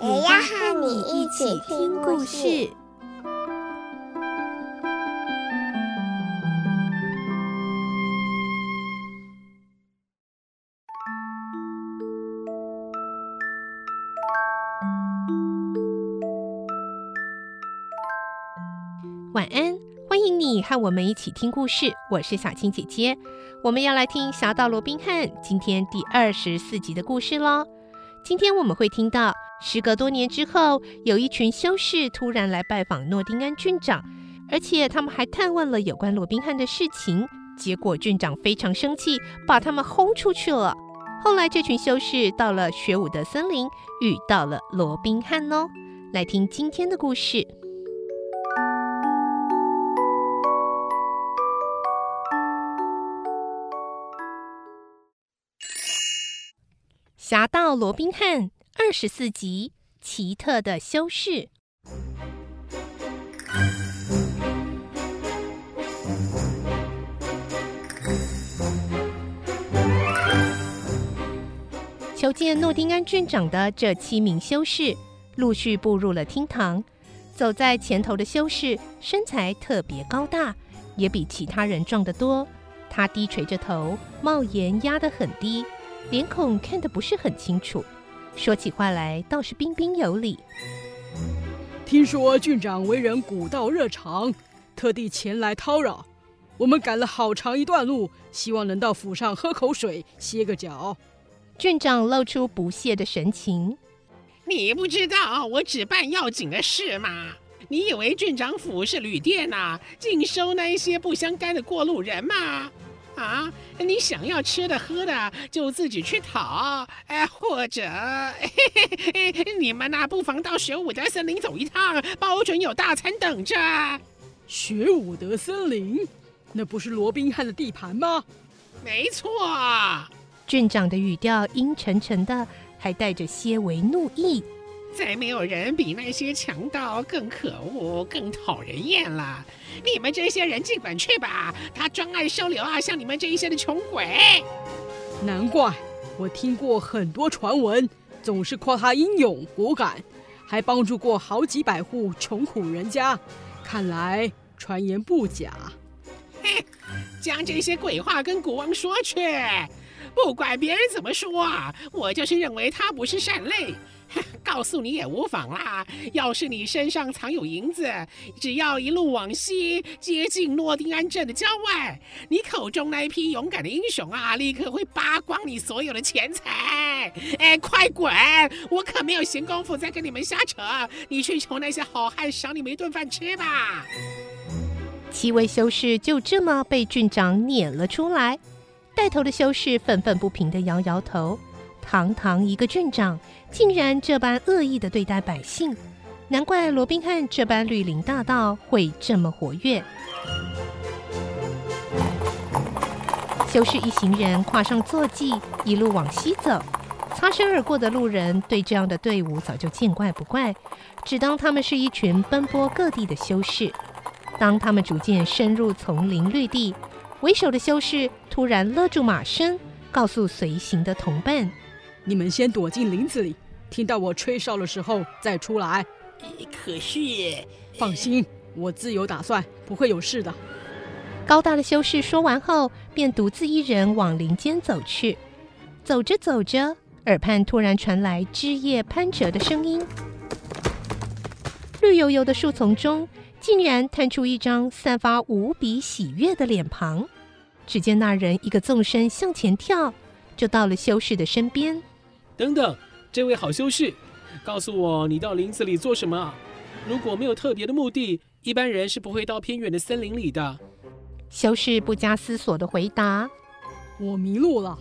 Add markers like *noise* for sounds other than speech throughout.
也要和你一起聽故事。故事晚安，歡迎你和我們一起聽故事。我是小青姐姐，我們要來聽《俠盜羅賓漢》今天第二十四集的故事嘍。今天我們會聽到。時隔多年之後，有一群修士突然來拜訪諾丁安郡長，而且他們還探問了有關羅賓漢的事情。結果郡長非常生氣，把他們轟出去了。後來，這群修士到了雪伍的森林，遇到了羅賓漢哦。來聽今天的故事。俠盜羅賓漢。二十四集《奇特的修士》， *noise* 求見諾丁安郡長的這七名修士陸續步入了廳堂。走在前頭的修士身材特別高大，也比其他人壯得多。他低垂着頭，帽檐壓得很低，臉孔看得不是很清楚。說起話來倒是彬彬有禮。聽說郡長為人古道熱腸，特地前來叨擾。我們趕了好長一段路，希望能到府上喝口水、歇個腳。郡長露出不屑的神情。你不知道我只辦要緊的事嗎？你以為郡長府是旅店吶、啊，淨收那一些不相干的過路人嗎？啊，你想要吃的喝的，就自己去討。哎、呃，或者嘿嘿你們吶、啊，不妨到雪伍德森林走一趟，保準有大餐等着。雪伍德森林，那不是羅賓漢的地盤嗎？沒錯。郡長的語調陰沉沉的，還帶着些微怒意。再沒有人比那些強盜更可惡、更討人厭了。你們這些人儘管去吧，他專愛收留啊，像你們這一些的窮鬼。難怪，我聽過很多傳聞，總是誇他英勇果敢，還幫助過好幾百戶窮苦人家。看來傳言不假。嘿，將這些鬼話跟國王說去。不管別人怎麼說，我就是認為他不是善類。告訴你也無妨啦。要是你身上藏有銀子，只要一路往西，接近諾丁安鎮的郊外，你口中那一批勇敢的英雄啊，立刻會扒光你所有的錢財。哎，快滾！我可沒有閒工夫再跟你們瞎扯。你去求那些好漢賞你們一頓飯吃吧。七位修士就這麼被郡長攆了出來。帶頭的修士憤憤不平的搖搖頭。堂堂一個郡長，竟然這般惡意的對待百姓，難怪羅賓漢這般綠林大盜會這麼活躍。修士一行人跨上坐騎，一路往西走。擦身而過的路人對這樣的隊伍早就見怪不怪，只當他們是一群奔波各地的修士。當他們逐漸深入叢林綠地，為首的修士突然勒住馬身，告訴隨行的同伴，你們先躲進林子裡，聽到我吹哨的時候再出來。可是，放心，我自有打算，不會有事的。高大的修士說完後，便獨自一人往林間走去。走着走着，耳畔突然傳來枝葉攀折的聲音。綠油油的樹叢中，竟然探出一張散發無比喜悅的臉龐。只見那人一個縱身向前跳，就到了修士的身邊。等等，這位好修士，告訴我你到林子裡做什麼啊？如果沒有特別的目的，一般人是不會到偏遠的森林裡的。修士不加思索地回答：“我迷路了，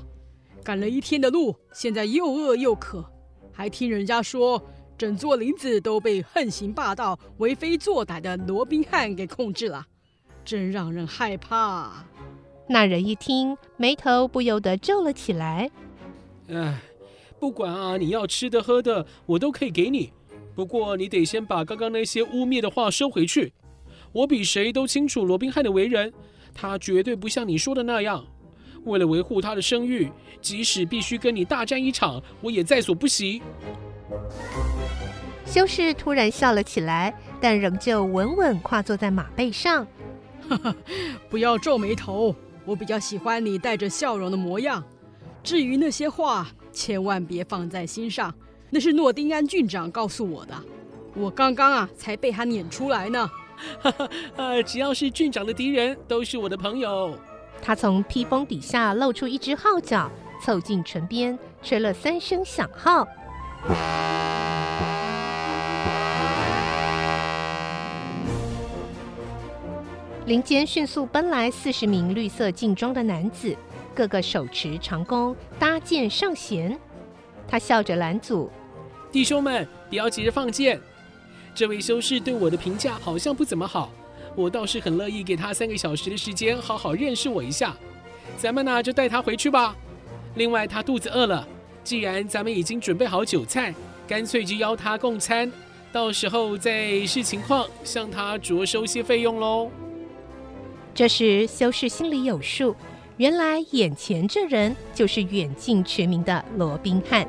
趕了一天的路，現在又餓又渴，還聽人家說整座林子都被橫行霸道、為非作歹的羅賓漢給控制了，真讓人害怕。”那人一聽，眉頭不由得皺了起來。唉，不管啊，你要吃的喝的，我都可以給你。不過你得先把剛剛那些污衊的話收回去。我比誰都清楚羅賓漢的為人，他絕對不像你說的那樣。為了維護他的聲譽，即使必須跟你大戰一場，我也在所不惜。修士突然笑了起來，但仍舊穩穩跨坐在馬背上。 *laughs* 不要皺眉頭，我比較喜歡你帶着笑容的模樣。至於那些話……千萬別放在心上，那是諾丁安郡長告訴我的。我剛剛啊，才被他攆出來呢。哈哈，呃，只要是郡長的敵人，都是我的朋友。他從披風底下露出一隻號角，湊近唇邊吹了三聲響號。 *laughs* 林間迅速奔來四十名綠色勁裝的男子。各個手持長弓，搭箭上弦。他笑着攔阻：“弟兄們，不要急着放箭。這位修士對我的評價好像不怎麼好，我倒是很樂意給他三個小時的時間，好好認識我一下。咱們呢，就帶他回去吧。另外，他肚子餓了，既然咱們已經準備好酒菜，乾脆就邀他共餐，到時候再視情況向他酌收些費用嘍。”這時，修士心裡有數。原來眼前這人就是遠近馳名的羅賓漢。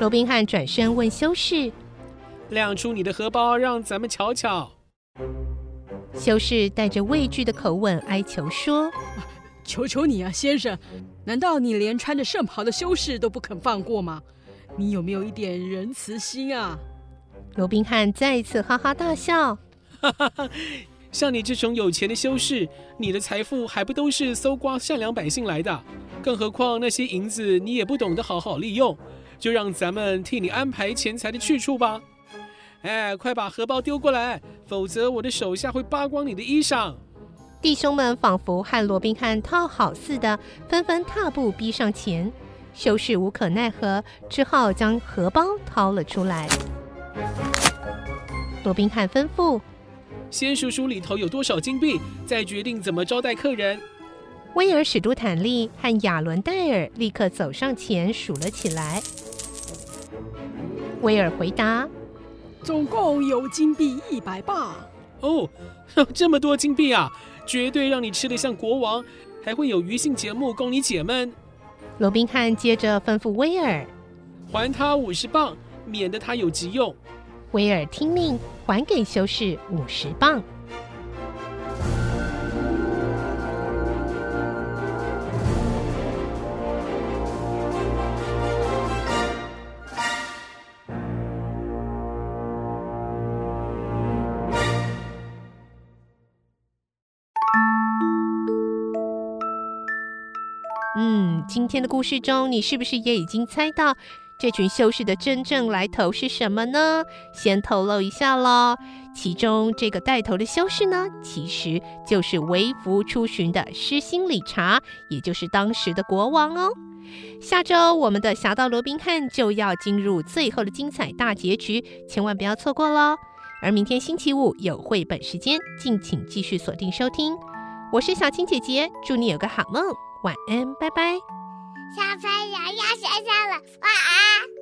羅賓漢轉身問修士：“亮出你的荷包，讓咱們瞧瞧。”修士帶着畏懼的口吻哀求說：“啊，求求你啊，先生，難道你連穿着聖袍的修士都不肯放過嗎？你有沒有一點仁慈心啊？”羅賓漢再一次哈哈大笑。哈哈。像你這種有錢的修士，你的財富還不都是搜刮善良百姓來的？更何況那些銀子你也不懂得好好利用，就讓咱們替你安排錢財的去處吧。哎，快把荷包丟過來，否則我的手下會扒光你的衣裳！弟兄們仿佛和羅賓漢套好似的，紛紛踏步逼上前。修士無可奈何，只好將荷包掏了出來。羅賓漢吩咐。先數數裡頭有多少金幣，再決定怎麼招待客人。威爾史都坦利和亞倫戴爾立刻走上前數了起來。威爾回答：“總共有金幣一百鎊。”哦，有這麼多金幣啊！絕對讓你吃得像國王，還會有餘興節目供你解悶。羅賓漢接着吩咐威爾：“還他五十鎊，免得他有急用。”威爾聽命，還給修士五十磅。嗯，今天的故事中，你是不是也已經猜到？這群修士的真正來頭是什麼呢？先透露一下嘍。其中這個帶頭的修士呢，其實就是微服出巡的獅心理查，也就是當時的國王哦。下周我們的俠盜羅賓漢就要進入最後的精彩大結局，千萬不要錯過嘍。而明天星期五有繪本時間，敬請繼續鎖定收聽。我是小青姐姐，祝你有個好夢，晚安，拜拜。小朋友要睡覺了，晚安。啊